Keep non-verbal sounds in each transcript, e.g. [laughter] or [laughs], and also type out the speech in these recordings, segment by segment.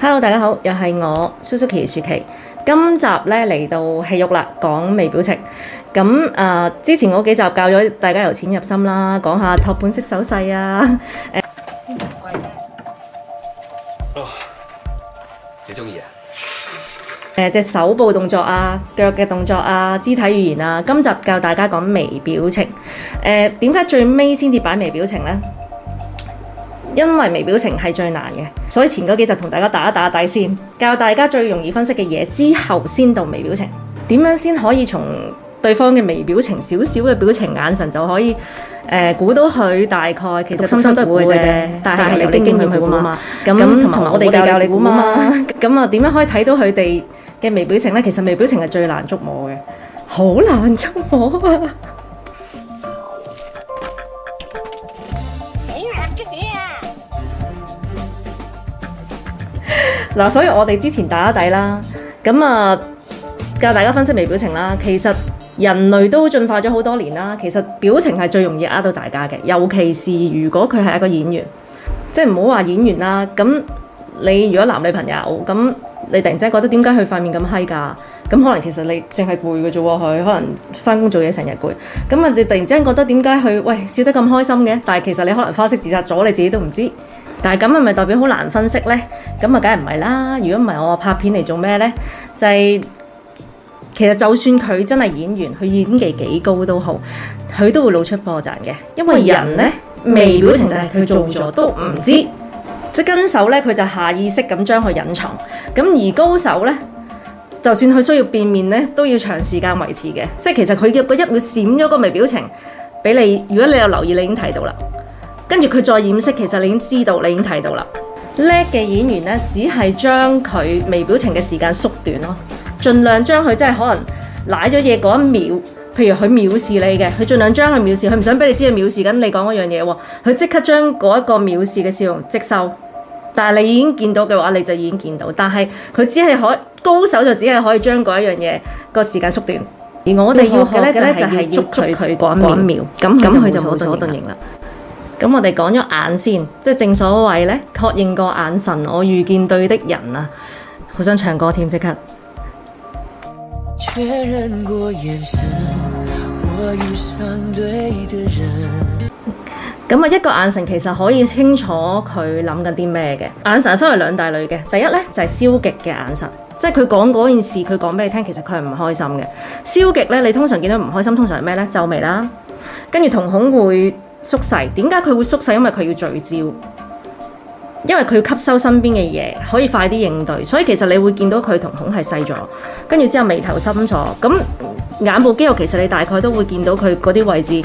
Hello，大家好，又係我 susukiki 薯琪，今集呢嚟到戲肉啦，講微表情。咁啊，之前嗰幾集教咗大家由淺入深啦，講下托盤式手勢啊。誒，幾中意啊？誒，只手部動作啊，腳嘅動作啊，肢體語言啊，今集教大家講微表情。誒、呃，點解最尾先至擺微表情呢？因為微表情係最難嘅，所以前嗰幾集同大家打一打底先，教大家最容易分析嘅嘢，之後先到微表情。點樣先可以從對方嘅微表情、少少嘅表情、眼神就可以估、呃、到佢大概其實心心都會嘅啫，但係你經驗去估啊嘛，咁同埋我哋教你估啊嘛，咁啊點樣可以睇到佢哋嘅微表情咧，其實微表情係最難捉摸嘅，好難捉摸啊 [laughs] 你！好難捉摸啊！嗱，所以我哋之前打底啦，咁啊教大家分析微表情啦。其實人類都進化咗好多年啦，其實表情係最容易呃到大家嘅，尤其是如果佢係一個演員，即係唔好話演員啦，咁你如果男女朋友咁。你突然之間覺得點解佢塊面咁閪㗎？咁可能其實你淨係攰嘅啫喎，佢可能翻工做嘢成日攰。咁啊，你突然之間覺得點解佢喂笑得咁開心嘅？但係其實你可能花式自殺咗，你自己都唔知。但係咁係咪代表好難分析呢？咁啊，梗係唔係啦？如果唔係我拍片嚟做咩呢？就係、係、其實就算佢真係演員，佢演技幾高都好，佢都會露出破綻嘅。因為人呢，人呢，微表情就係佢做咗都唔知。即跟手咧，佢就下意識咁將佢隱藏。咁而高手咧，就算佢需要變面咧，都要長時間維持嘅。即係其實佢要一秒閃咗個微表情俾你。如果你有留意，你已經睇到啦。跟住佢再掩飾，其實你已經知道，你已經睇到啦。叻嘅演員咧，只係將佢微表情嘅時間縮短咯，儘量將佢即係可能拉咗嘢嗰一秒，譬如佢藐視你嘅，佢儘量將佢藐視，佢唔想俾你知佢藐視緊你講嗰樣嘢喎，佢即刻將嗰一個藐視嘅笑容即收。但係你已經見到嘅話，你就已經見到。但係佢只係可高手就只係可以將嗰一樣嘢，嗰個時間縮短。而我哋要學嘅就係、是、是要捉佢廣渺，咁咁佢就冇動型啦。咁我哋講咗眼先，即係正所謂呢：確認過眼神，我遇見對的人啊！好想唱歌添，即刻。咁啊，一個眼神其實可以清楚佢諗緊啲咩嘅。眼神，分為兩大類嘅。第一呢，就係消極嘅眼神，即係佢講嗰件事，佢講俾你聽，其實佢係唔開心嘅。消極呢，你通常見到唔開心，通常係咩呢？皺眉啦，跟住瞳孔會縮細。點解佢會縮細？因為佢要聚焦，因為佢要吸收身邊嘅嘢，可以快啲應對。所以其實你會見到佢瞳孔係細咗，跟住之後眉頭深鎖。咁眼部肌肉其實你大概都會見到佢嗰啲位置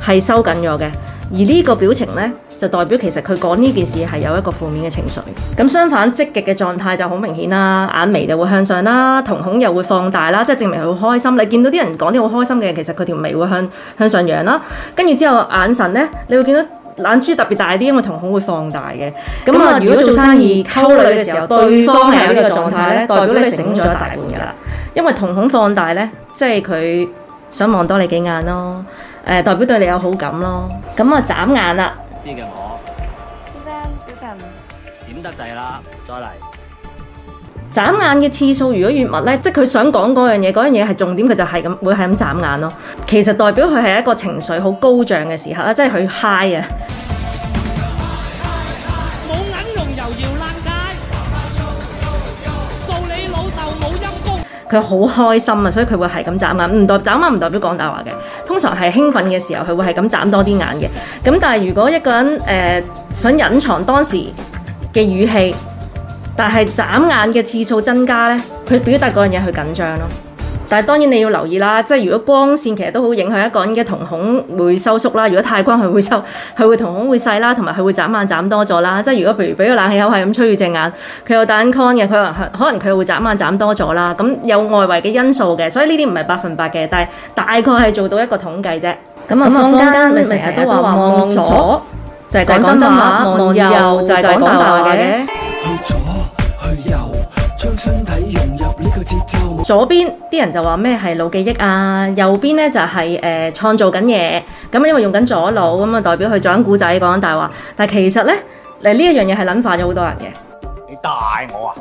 係收緊咗嘅。而呢個表情呢，就代表其實佢講呢件事係有一個負面嘅情緒。咁相反，積極嘅狀態就好明顯啦，眼眉就會向上啦，瞳孔又會放大啦，即係證明佢會開心。你見到啲人講啲好開心嘅嘢，其實佢條眉會向向上揚啦。跟住之後，眼神呢，你會見到眼珠特別大啲，因為瞳孔會放大嘅。咁啊，如果做生意溝女嘅時候，對方係呢個狀態呢，代表你醒咗一大半噶啦，因為瞳孔放大呢，即係佢想望多你幾眼咯。誒，代表對你有好感咯。咁啊，眨眼啦。呢個我小生小晨，閃得滯啦，再嚟。眨眼嘅次數，如果越密咧，即係佢想講嗰樣嘢，嗰樣嘢係重點，佢就係咁，會係咁眨眼咯。其實代表佢係一個情緒好高漲嘅時候啦，即係佢 high 啊。冇眼龍游搖爛街，做你老豆冇陰功，佢好開心啊，所以佢會係咁眨眼，唔代眨眼唔代表講大話嘅。通常係興奮嘅時候，佢會係咁眨多啲眼嘅。咁但係如果一個人誒、呃、想隱藏當時嘅語氣，但係眨眼嘅次數增加呢，佢表達嗰樣嘢，佢緊張咯。但係當然你要留意啦，即係如果光線其實都好影響一個人嘅瞳孔會收縮啦。如果太光，佢會收，佢會瞳孔會細啦，同埋佢會眨眼眨多咗啦。即係如果譬如俾個冷氣口係咁吹住隻眼，佢有戴眼鏡嘅，佢可能佢會眨眼眨多咗啦。咁有外圍嘅因素嘅，所以呢啲唔係百分百嘅，但係大概係做到一個統計啫。咁啊，坊間咪成日都話望左就係講真話，望右就係講大話嘅。左邊啲人就話咩係腦記憶啊，右邊呢就係誒創造緊嘢，咁因為用緊左腦，咁啊代表佢講古仔講大話，但係其實呢，嚟呢一樣嘢係諗化咗好多人嘅，你大我啊？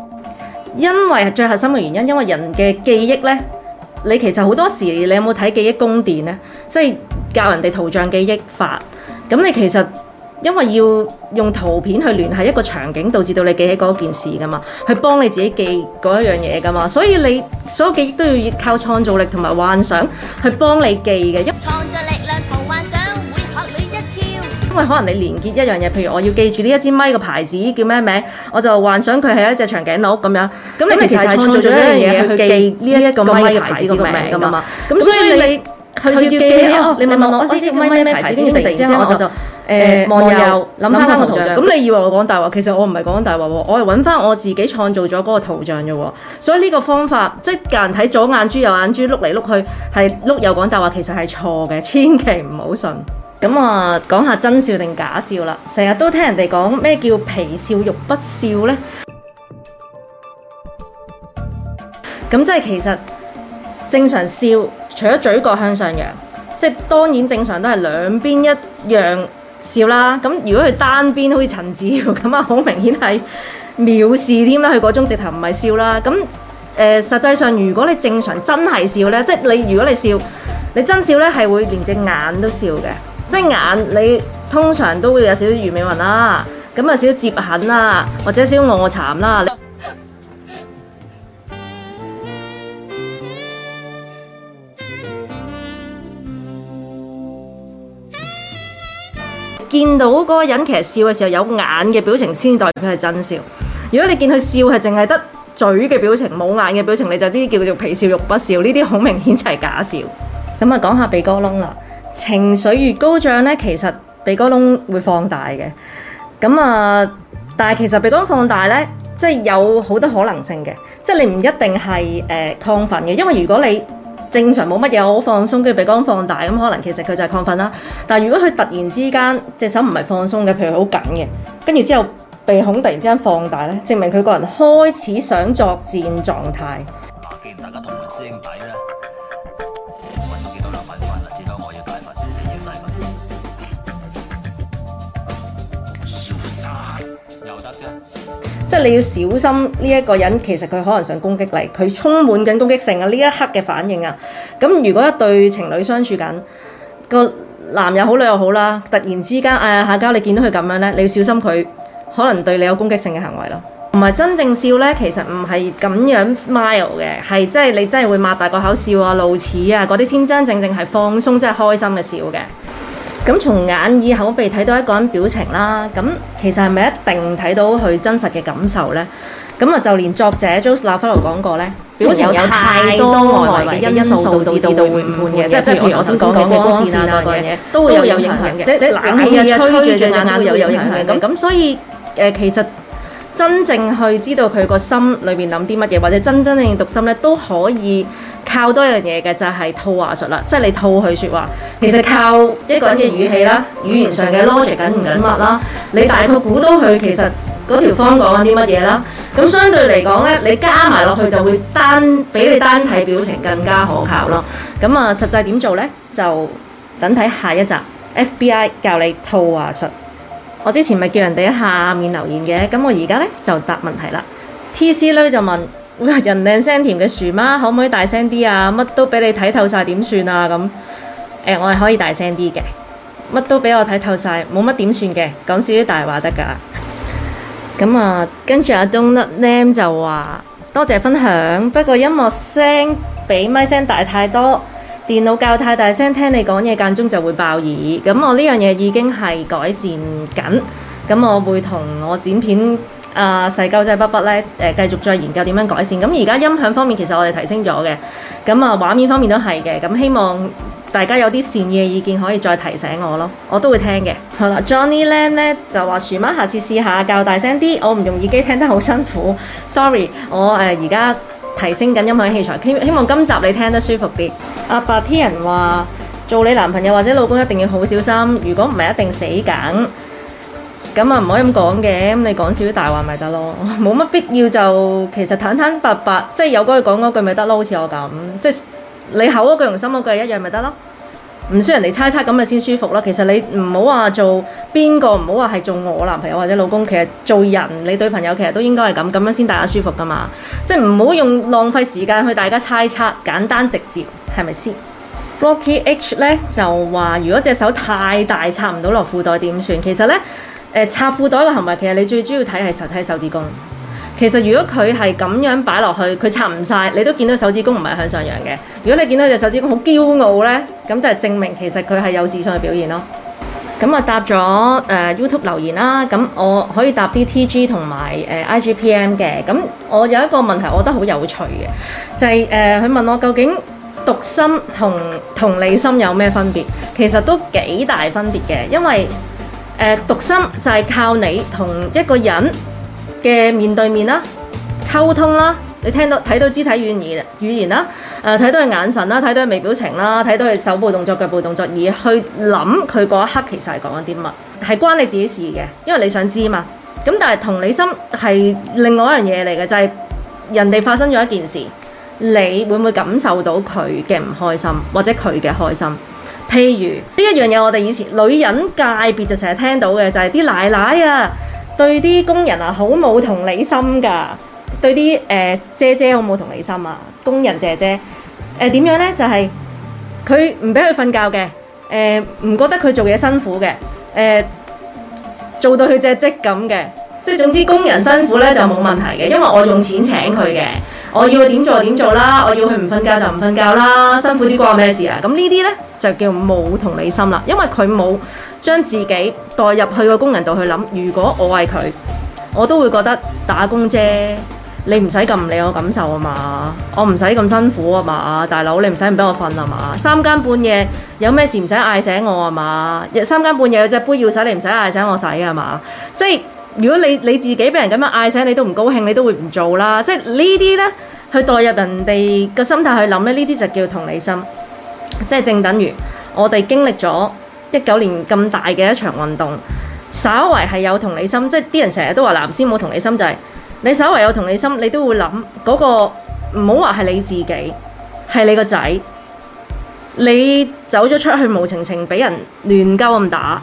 因為最核心嘅原因，因為人嘅記憶呢。你其實好多時，你有冇睇記憶宮殿呢？即係教人哋圖像記憶法，咁你其實。因為要用圖片去聯繫一個場景，導致到你記起嗰件事噶嘛，去幫你自己記嗰一樣嘢噶嘛，所以你所有記憶都要靠創造力同埋幻想去幫你記嘅。因為可能你連結一樣嘢，譬如我要記住呢一支咪嘅牌子叫咩名，我就幻想佢係一隻長頸鹿咁樣。咁你其實係創造咗一樣嘢去記呢一個咪嘅牌子個名嘅，個牌子個名噶嘛。咁所以你佢要記啊，哦、你問我呢支咪咩牌子然之後我就。誒、呃、望右諗翻個圖像咁，像你以為我講大話，其實我唔係講大話喎。我係揾翻我自己創造咗嗰個圖像啫喎，所以呢個方法即係、就是、人睇左眼珠右眼珠碌嚟碌去，係碌又講大話，其實係錯嘅，千祈唔好信。咁啊，我講下真笑定假笑啦。成日都聽人哋講咩叫皮笑肉不笑呢？咁即係其實正常笑，除咗嘴角向上揚，即係當然正常都係兩邊一樣。笑啦，咁如果佢單邊好似陳自瑤咁啊，好明顯係藐視添啦，佢嗰種直頭唔係笑啦。咁誒、呃，實際上如果你正常真係笑呢，即係你如果你笑，你真笑呢係會連隻眼都笑嘅，即係眼你通常都會有少少魚尾紋啦，咁啊少少折痕啦，或者少少臥蠶啦。見到嗰個人其實笑嘅時候有眼嘅表情先代表係真笑。如果你見佢笑係淨係得嘴嘅表情，冇眼嘅表情，你就呢啲叫做皮笑肉不笑。呢啲好明顯就係假笑。咁啊，講下鼻哥窿啦。情緒越高漲呢，其實鼻哥窿會放大嘅。咁啊，但係其實鼻哥窿放大呢，即係有好多可能性嘅。即係你唔一定係誒、呃、亢奮嘅，因為如果你正常冇乜嘢，好放鬆，跟住鼻孔放大咁，可能其實佢就係亢奮啦。但係如果佢突然之間，隻手唔係放鬆嘅，譬如好緊嘅，跟住之後鼻孔突然之間放大咧，證明佢個人開始想作戰狀態。嗱、啊，既然大家同門師兄弟。即係你要小心呢一個人，其實佢可能想攻擊你，佢充滿緊攻擊性啊！呢一刻嘅反應啊，咁如果一對情侶相處緊，個男又好，女又好啦，突然之間誒，哎呀，下交你見到佢咁樣呢，你要小心佢可能對你有攻擊性嘅行為咯。同埋真正笑呢，其實唔係咁樣 smile 嘅，係即係你真係會擘大個口笑啊、露齒啊嗰啲，先真正正係放鬆、真係開心嘅笑嘅。咁從眼耳口鼻睇到一個人表情啦，咁其實係咪一定睇到佢真實嘅感受咧？咁啊，就連作者 Joseph Leflore 講過咧，表情有太多外圍嘅因素導致到會唔嘅，即係譬如我先講嘅光線啊，各樣嘢都會有影響嘅，即係冷氣吹住隻眼會有影響嘅。咁所以誒、呃，其實。真正去知道佢個心裏邊諗啲乜嘢，或者真真正正讀心咧，都可以靠多樣嘢嘅，就係、是、套話術啦。即、就、係、是、你套佢説話，其實靠一個人嘅語氣啦，語言上嘅 logic 緊唔緊密啦，你大概估到佢其實嗰條方講緊啲乜嘢啦。咁相對嚟講咧，你加埋落去就會單比你單睇表情更加可靠咯。咁啊，實際點做咧？就等睇下，下一集 FBI 教你套話術。我之前咪叫人哋下面留言嘅，咁我而家咧就答問題啦。T C 女就問：喂，人靚聲甜嘅薯媽？可唔可以大聲啲啊？乜都畀你睇透晒，點算啊？咁，誒、呃，我係可以大聲啲嘅，乜都俾我睇透晒，冇乜點算嘅，講少少大話得噶。咁啊，跟住阿 Donut Nam 就話：多謝分享，不過音樂聲比咪聲大太多。電腦較太大聲，聽你講嘢間中就會爆耳。咁我呢樣嘢已經係改善緊，咁我會同我剪片啊、呃、細鳩仔筆筆咧誒繼續再研究點樣改善。咁而家音響方面其實我哋提升咗嘅，咁啊畫面方面都係嘅。咁希望大家有啲善意嘅意見可以再提醒我咯，我都會聽嘅。好啦，Johnny Lamb 咧就話：薯媽下次試下較大聲啲，我唔用耳機聽得好辛苦。Sorry，我誒而家提升緊音響器材，希希望今集你聽得舒服啲。阿伯天人話，做你男朋友或者老公一定要好小心，如果唔係一定死梗。咁啊唔可以咁講嘅，咁你講少啲大話咪得咯，冇乜必要就其實坦坦白白，即係有句講嗰句咪得咯，好似我咁，即係你口嗰句同心嗰句一樣咪得咯。唔需要人哋猜測咁咪先舒服囉。其實你唔好話做邊個，唔好話係做我男朋友或者老公。其實做人，你對朋友其實都應該係咁，咁樣先大家舒服噶嘛。即係唔好用浪費時間去大家猜測，簡單直接係咪先？Rocky H 呢就話：如果隻手太大插唔到落褲袋點算？其實呢，誒插褲袋嘅行為其實你最主要睇係實體手指公。其實如果佢係咁樣擺落去，佢插唔晒，你都見到手指公唔係向上揚嘅。如果你見到隻手指公好驕傲呢，咁就證明其實佢係有自信嘅表現咯。咁啊答咗誒、呃、YouTube 留言啦，咁我可以答啲 TG 同埋誒 IGPM 嘅。咁、呃、我有一個問題，我覺得好有趣嘅，就係誒佢問我究竟讀心同同理心有咩分別？其實都幾大分別嘅，因為誒、呃、讀心就係靠你同一個人嘅面對面啦，溝通啦，你聽到睇到肢體語言語言啦，誒、呃、睇到佢眼神啦，睇到佢微表情啦，睇到佢手部動作腳部動作，而去諗佢嗰一刻其實係講緊啲乜，係關你自己的事嘅，因為你想知嘛。咁但係同理心係另外一樣嘢嚟嘅，就係、是、人哋發生咗一件事，你會唔會感受到佢嘅唔開心或者佢嘅開心？譬如呢一樣嘢，我哋以前女人界別就成日聽到嘅就係、是、啲奶奶啊。對啲工人啊，好冇同理心噶，對啲誒、呃、姐姐好冇同理心啊，工人姐姐，誒、呃、點樣咧？就係佢唔俾佢瞓覺嘅，誒、呃、唔覺得佢做嘢辛苦嘅，誒、呃、做到佢隻積咁嘅，即係總之工人辛苦呢，就冇問題嘅，因為我用錢請佢嘅，我要佢點做點做啦，我要佢唔瞓覺就唔瞓覺啦，辛苦啲關我咩事啊？咁呢啲呢？就叫冇同理心啦，因為佢冇將自己代入去個工人度去諗。如果我係佢，我都會覺得打工啫，你唔使咁理我感受啊嘛，我唔使咁辛苦啊嘛，大佬你唔使唔俾我瞓啊嘛，三更半夜有咩事唔使嗌醒我啊嘛，日三更半夜有隻杯要洗你唔使嗌醒我洗啊嘛。即係如果你你自己俾人咁樣嗌醒你都唔高興，你都會唔做啦。即係呢啲呢，去代入人哋個心態去諗咧，呢啲就叫同理心。即係正等於我哋經歷咗一九年咁大嘅一場運動，稍為係有同理心，即係啲人成日都話男先冇同理心，就係、是、你稍為有同理心，你都會諗嗰、那個唔好話係你自己，係你個仔，你走咗出去無情情俾人亂鳩咁打，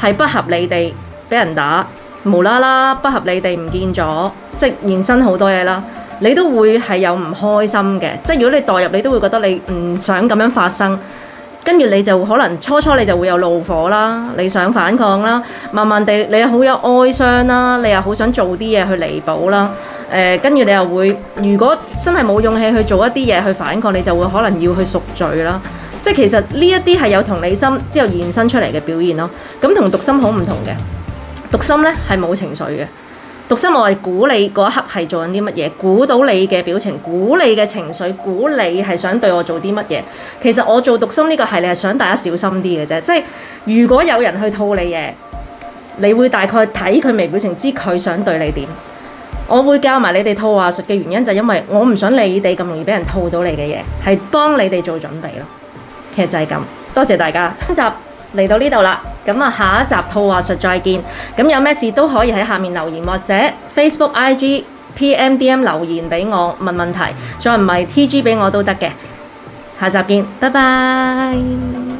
係不合理地俾人打，無啦啦不合理地唔見咗，即係衍生好多嘢啦。你都會係有唔開心嘅，即係如果你代入，你都會覺得你唔想咁樣發生，跟住你就可能初初你就會有怒火啦，你想反抗啦，慢慢地你又好有哀傷啦，你又好想做啲嘢去彌補啦，誒、呃，跟住你又會，如果真係冇勇氣去做一啲嘢去反抗，你就會可能要去贖罪啦，即係其實呢一啲係有同理心之後延伸出嚟嘅表現咯，咁同讀心好唔同嘅，讀心呢係冇情緒嘅。讀心我係估你嗰一刻係做緊啲乜嘢，估到你嘅表情，估你嘅情緒，估你係想對我做啲乜嘢。其實我做讀心呢個係你係想大家小心啲嘅啫，即係如果有人去套你嘢，你會大概睇佢微表情知佢想對你點。我會教埋你哋套話術嘅原因就係因為我唔想你哋咁容易俾人套到你嘅嘢，係幫你哋做準備咯。其實就係咁，多謝大家，thank you。嚟到呢度啦，下一集套話術再見。咁有咩事都可以喺下面留言，或者 Facebook、IG、PM、DM 留言畀我問問題，再唔係 TG 畀我都得嘅。下一集見，拜拜。